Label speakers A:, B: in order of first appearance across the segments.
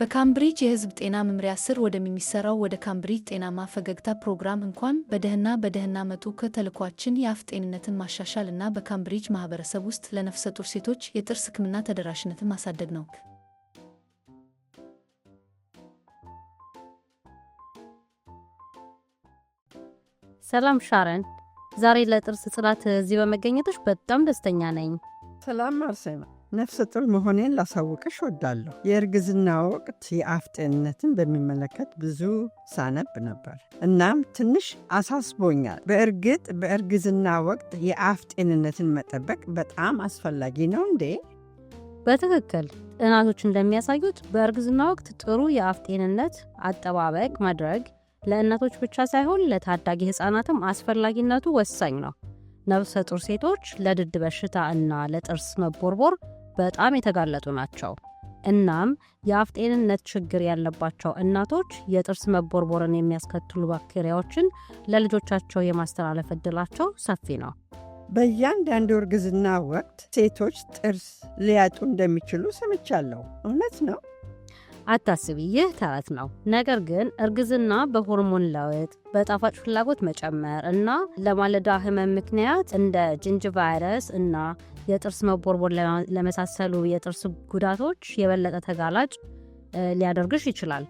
A: በካምብሪጅ የህዝብ ጤና መምሪያ ስር ወደሚሰራው ወደ ካምብሪጅ ጤናማ ፈገግታ ፕሮግራም እንኳን በደህና በደህና መጡ። ከተልኳችን የአፍ ጤንነትን ማሻሻል እና በካምብሪጅ ማህበረሰብ ውስጥ ለነፍሰ ጡር ሴቶች የጥርስ ሕክምና ተደራሽነትን ማሳደግ ነው።
B: ሰላም ሻረን፣ ዛሬ ለጥርስ ጽዳት እዚህ በመገኘቶች በጣም ደስተኛ ነኝ።
C: ሰላም አርሴማ ነፍሰ ጡር መሆኔን ላሳውቅሽ ወዳለሁ። የእርግዝና ወቅት የአፍ ጤንነትን በሚመለከት ብዙ ሳነብ ነበር። እናም ትንሽ አሳስቦኛል። በእርግጥ በእርግዝና ወቅት የአፍ ጤንነትን መጠበቅ በጣም አስፈላጊ ነው እንዴ?
B: በትክክል ጥናቶች እንደሚያሳዩት በእርግዝና ወቅት ጥሩ የአፍ ጤንነት አጠባበቅ ማድረግ ለእናቶች ብቻ ሳይሆን ለታዳጊ ህፃናትም አስፈላጊነቱ ወሳኝ ነው። ነፍሰ ጡር ሴቶች ለድድ በሽታ እና ለጥርስ መቦርቦር በጣም የተጋለጡ ናቸው። እናም የአፍ ጤንነት ችግር ያለባቸው እናቶች የጥርስ መቦርቦርን የሚያስከትሉ ባክቴሪያዎችን ለልጆቻቸው የማስተላለፍ እድላቸው ሰፊ ነው።
C: በእያንዳንዱ እርግዝና ወቅት ሴቶች ጥርስ ሊያጡ እንደሚችሉ ሰምቻለሁ። እውነት ነው?
B: አታስቢ፣ ይህ ተረት ነው። ነገር ግን እርግዝና በሆርሞን ለውጥ፣ በጣፋጭ ፍላጎት መጨመር እና ለማለዳ ህመም ምክንያት እንደ ጅንጅ ቫይረስ እና የጥርስ መቦርቦር ለመሳሰሉ የጥርስ ጉዳቶች የበለጠ ተጋላጭ ሊያደርግሽ ይችላል።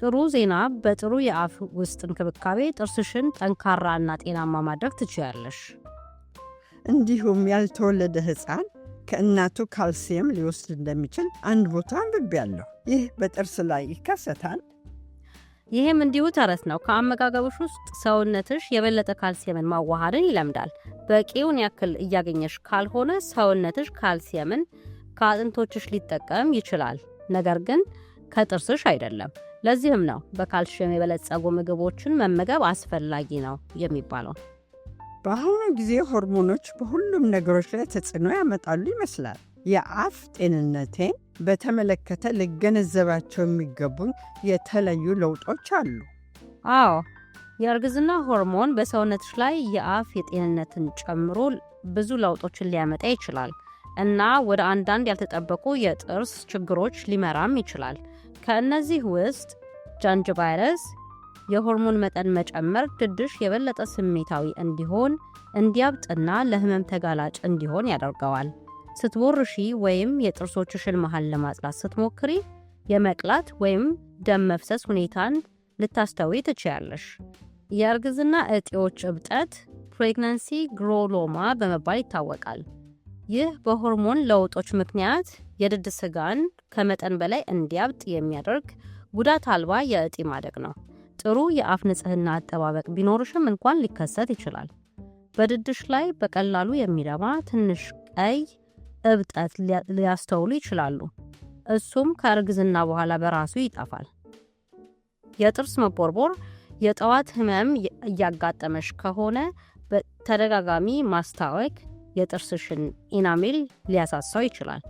B: ጥሩ ዜና፣ በጥሩ የአፍ ውስጥ እንክብካቤ ጥርስሽን ጠንካራ እና ጤናማ ማድረግ ትችያለሽ።
C: እንዲሁም ያልተወለደ ህፃን ከእናቱ ካልሲየም ሊወስድ እንደሚችል አንድ ቦታ አንብቤያለሁ። ይህ በጥርስ ላይ ይከሰታል።
B: ይህም እንዲሁ ተረት ነው። ከአመጋገብሽ ውስጥ ሰውነትሽ የበለጠ ካልሲየምን ማዋሃድን ይለምዳል። በቂውን ያክል እያገኘሽ ካልሆነ ሰውነትሽ ካልሲየምን ከአጥንቶችሽ ሊጠቀም ይችላል፣ ነገር ግን ከጥርስሽ አይደለም። ለዚህም ነው በካልሲየም የበለጸጉ ምግቦችን መመገብ አስፈላጊ ነው የሚባለው።
C: በአሁኑ ጊዜ ሆርሞኖች በሁሉም ነገሮች ላይ ተጽዕኖ ያመጣሉ ይመስላል። የአፍ ጤንነቴን በተመለከተ ልገነዘባቸው የሚገቡኝ የተለዩ ለውጦች አሉ።
B: አዎ፣ የእርግዝና ሆርሞን በሰውነትሽ ላይ የአፍ የጤንነትን ጨምሮ ብዙ ለውጦችን ሊያመጣ ይችላል እና ወደ አንዳንድ ያልተጠበቁ የጥርስ ችግሮች ሊመራም ይችላል። ከእነዚህ ውስጥ ቫይረስ የሆርሞን መጠን መጨመር ድድሽ የበለጠ ስሜታዊ እንዲሆን እንዲያብጥና ለህመም ተጋላጭ እንዲሆን ያደርገዋል። ስትቦርሺ ወይም የጥርሶችሽን መሃል ለማጽዳት ስትሞክሪ የመቅላት ወይም ደም መፍሰስ ሁኔታን ልታስተዊ ትችያለሽ። የእርግዝና እጢዎች እብጠት ፕሬግናንሲ ግሮሎማ በመባል ይታወቃል። ይህ በሆርሞን ለውጦች ምክንያት የድድ ስጋን ከመጠን በላይ እንዲያብጥ የሚያደርግ ጉዳት አልባ የእጢ ማደግ ነው። ጥሩ የአፍ ንጽህና አጠባበቅ ቢኖርሽም እንኳን ሊከሰት ይችላል። በድድሽ ላይ በቀላሉ የሚረባ ትንሽ ቀይ እብጠት ሊያስተውሉ ይችላሉ። እሱም ከእርግዝና በኋላ በራሱ ይጠፋል። የጥርስ መቦርቦር የጠዋት ህመም እያጋጠመሽ ከሆነ በተደጋጋሚ ማስታወክ የጥርስሽን ኢናሜል ሊያሳሳው ይችላል።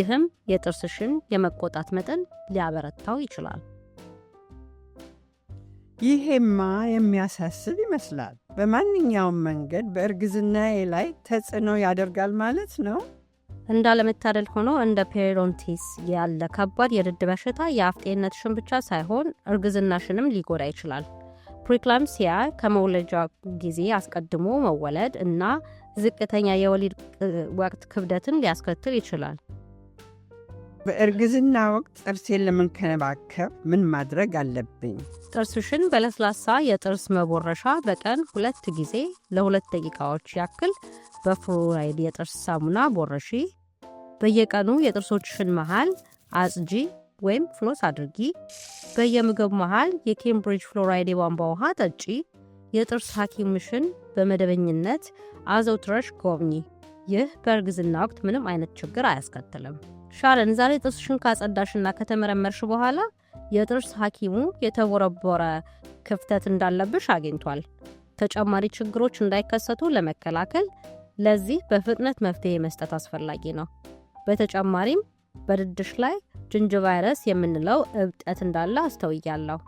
B: ይህም የጥርስሽን የመቆጣት መጠን ሊያበረታው ይችላል።
C: ይሄማ የሚያሳስብ ይመስላል። በማንኛውም መንገድ በእርግዝናዬ ላይ ተጽዕኖ ያደርጋል ማለት ነው።
B: እንዳለመታደል ሆኖ እንደ ፔሮንቲስ ያለ ከባድ የድድ በሽታ የአፍ ጤንነትሽን ብቻ ሳይሆን እርግዝናሽንም ሊጎዳ ይችላል። ፕሪክላምሲያ ከመውለጃ ጊዜ አስቀድሞ መወለድ እና ዝቅተኛ የወሊድ ወቅት ክብደትን ሊያስከትል ይችላል።
C: በእርግዝና ወቅት ጥርሴን ለመንከባከብ ምን ማድረግ አለብኝ?
B: ጥርስሽን በለስላሳ የጥርስ መቦረሻ በቀን ሁለት ጊዜ ለሁለት ደቂቃዎች ያክል በፍሎራይድ የጥርስ ሳሙና ቦረሺ። በየቀኑ የጥርሶችሽን መሃል አጽጂ ወይም ፍሎስ አድርጊ። በየምግብ መሃል የኬምብሪጅ ፍሎራይድ የቧንቧ ውሃ ጠጪ። የጥርስ ሐኪምሽን በመደበኝነት አዘውትረሽ ጎብኚ። ይህ በእርግዝና ወቅት ምንም አይነት ችግር አያስከትልም። ሻረን ዛሬ ጥርስሽን ካጸዳሽና ከተመረመርሽ በኋላ የጥርስ ሐኪሙ የተቦረቦረ ክፍተት እንዳለብሽ አግኝቷል። ተጨማሪ ችግሮች እንዳይከሰቱ ለመከላከል ለዚህ በፍጥነት መፍትሄ መስጠት አስፈላጊ ነው። በተጨማሪም በድድሽ ላይ ጅንጅ ቫይረስ የምንለው እብጠት እንዳለ አስተውያለሁ።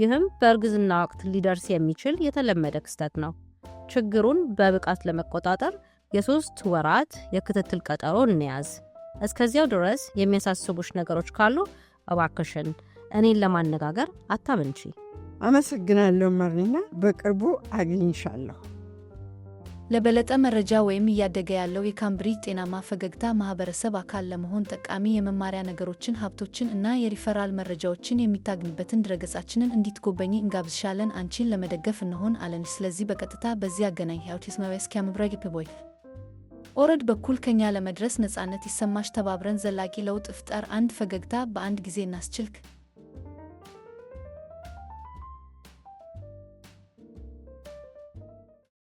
B: ይህም በእርግዝና ወቅት ሊደርስ የሚችል የተለመደ ክስተት ነው። ችግሩን በብቃት ለመቆጣጠር የሶስት ወራት የክትትል ቀጠሮ እንያዝ። እስከዚያው ድረስ የሚያሳስቡሽ ነገሮች ካሉ እባክሽን እኔን ለማነጋገር አታመንቺ።
C: አመሰግናለሁ መሪና፣ በቅርቡ አግኝሻለሁ።
A: ለበለጠ መረጃ ወይም እያደገ ያለው የካምብሪጅ ጤናማ ፈገግታ ማህበረሰብ አካል ለመሆን ጠቃሚ የመማሪያ ነገሮችን፣ ሀብቶችን እና የሪፈራል መረጃዎችን የሚታግኝበትን ድረገጻችንን እንዲትጎበኝ እንጋብዝሻለን። አንቺን ለመደገፍ እንሆን አለን። ስለዚህ በቀጥታ በዚህ አገናኝ ያውቲስማዊ ስኪያምብረግ ፕቦይ ኦረድ በኩል ከኛ ለመድረስ ነፃነት ይሰማሽ። ተባብረን ዘላቂ ለውጥ እፍጠር አንድ ፈገግታ በአንድ ጊዜ እናስችልክ።